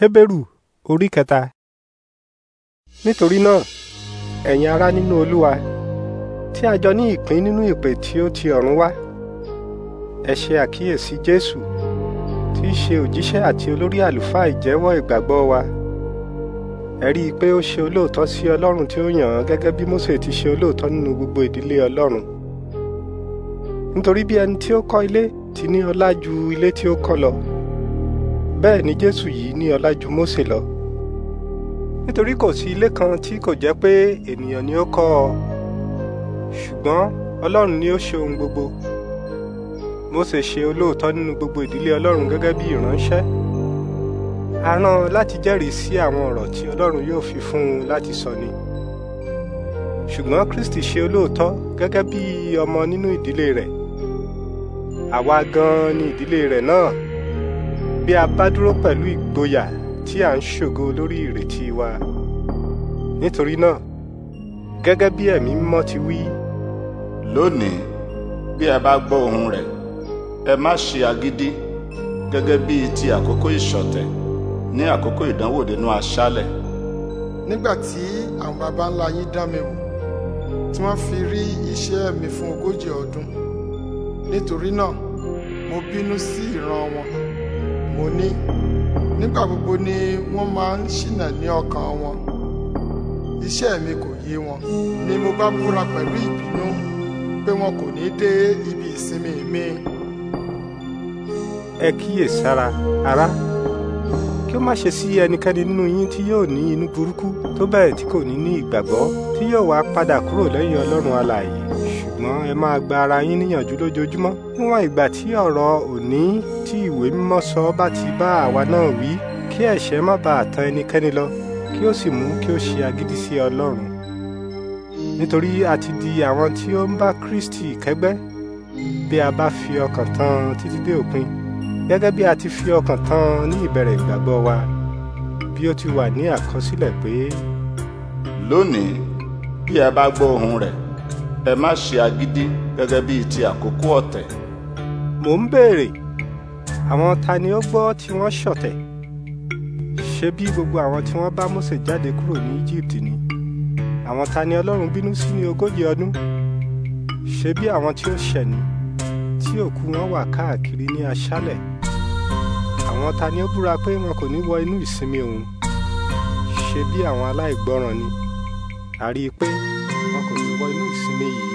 Hébérù orí kẹta. Nítorí náà, ẹ̀yin ará nínú Olúwa, tí a jọ ní ìpín nínú ìpè tí ó ti ọ̀run wá, ẹ ṣe àkíyèsí Jésù, tí í ṣe òjíṣẹ́ àti olórí àlùfáà ìjẹ́wọ́ ìgbàgbọ́ wa. Ẹ rí i pé ó ṣe olóòótọ́ sí Ọlọ́run tí ó yàn án gẹ́gẹ́ bí Mósè ti ṣe olóòótọ́ nínú gbogbo ìdílé Ọlọ́run. Nítorí bí ẹni tí ó kọ́ ilé ti ní ọlá ju ilé tí ó kọ́ lọ bẹ́ẹ̀ ni jésù yìí ní ọlá ju mósè lọ nítorí kò sí ilé kan tí kò jẹ́ pé ènìyàn ni ó kọ́ ọ ṣùgbọ́n ọlọ́run ni ó ṣe ohun gbogbo mósè ṣe olóòótọ́ nínú gbogbo ìdílé ọlọ́run gẹ́gẹ́ bí ìránṣẹ́ a rán láti jẹ́rìí sí àwọn ọ̀rọ̀ tí ọlọ́run yóò fi fún un láti sọ ni ṣùgbọ́n kristi ṣe olóòótọ́ gẹ́gẹ́ bí ọmọ nínú ìdílé rẹ̀ àwa gan-an ni ìdílé rẹ̀ náà bí a bá dúró pẹ̀lú ìgboyà tí à ń ṣògo lórí ìrètí wa nítorí náà gẹ́gẹ́ bí ẹ̀mí mọ́ ti wí. lónìí bí ẹ bá gbọ́ ohùn rẹ̀ ẹ má ṣe agídí gẹ́gẹ́ bí ti àkókò ìṣọ̀tẹ̀ ní àkókò ìdánwò nínú aṣálẹ̀. nígbà tí àwọn baba ńlá yín dá mi wò tí wọ́n fi rí iṣẹ́ mi fún ogójì ọdún nítorí náà mo bínú sí ìran wọn mo ní nígbà gbogbo ni wọ́n máa ń ṣìnà ní ọkàn wọn iṣẹ́ mi kò yé wọn ni mo bá búra pẹ̀lú ìbínú pé wọn kò ní dé ibi ìsinmi mi. ẹ kíyè sára ará kí ó má ṣe sí ẹnikẹ́ni nínú yín tí yóò ní inú burúkú tó bẹ́ẹ̀ tí kò ní ní ìgbàgbọ́ tí yóò wá padà kúrò lẹ́yìn ọlọ́run alààyè ṣùgbọ́n ẹ máa gba ara yín níyànjú lójoojúmọ́ níwọ̀n ìgbà tí ọ̀rọ̀ òní tí ìwé mímọ́ sọ bá ti bá àwa náà wí kí ẹ̀ṣẹ̀ má bàa tan ẹnikẹ́ni lọ kí ó sì mú kí ó ṣe agídí sí Ọlọ́run nítorí a ti di àwọn tí ó ń bá Kristi kẹ́gbẹ́ bí a bá fi ọkàn tán títí dé òpin gẹ́gẹ́ bí a ti fi ọkàn tán ní ìbẹ̀rẹ̀ ìgbàgbọ́ wa bí ó ti wà ní àkọsílẹ̀ pé. lónìí bí a bá gbọ́ ohùn rẹ̀ ẹ má ṣe agídí gẹ́gẹ́ bíi ti àkókò ọ̀tẹ̀. mò ń béèrè àwọn ta ni ó gbọ́ tí wọ́n ṣọ̀tẹ̀ ṣé bí gbogbo àwọn tí wọ́n bá Mósè jáde kúrò ní Egypt ni àwọn ta ni Ọlọ́run bínú sí ní ogójì ọdún ṣé bí àwọn tí ó ṣẹ̀ ni tí òkú wọn wà káàkiri ní aṣálẹ̀ àwọn ta ni ó búra pé wọn kò ní wọ inú ìsinmi òun ṣe bí àwọn aláìgbọràn ni a i pé me.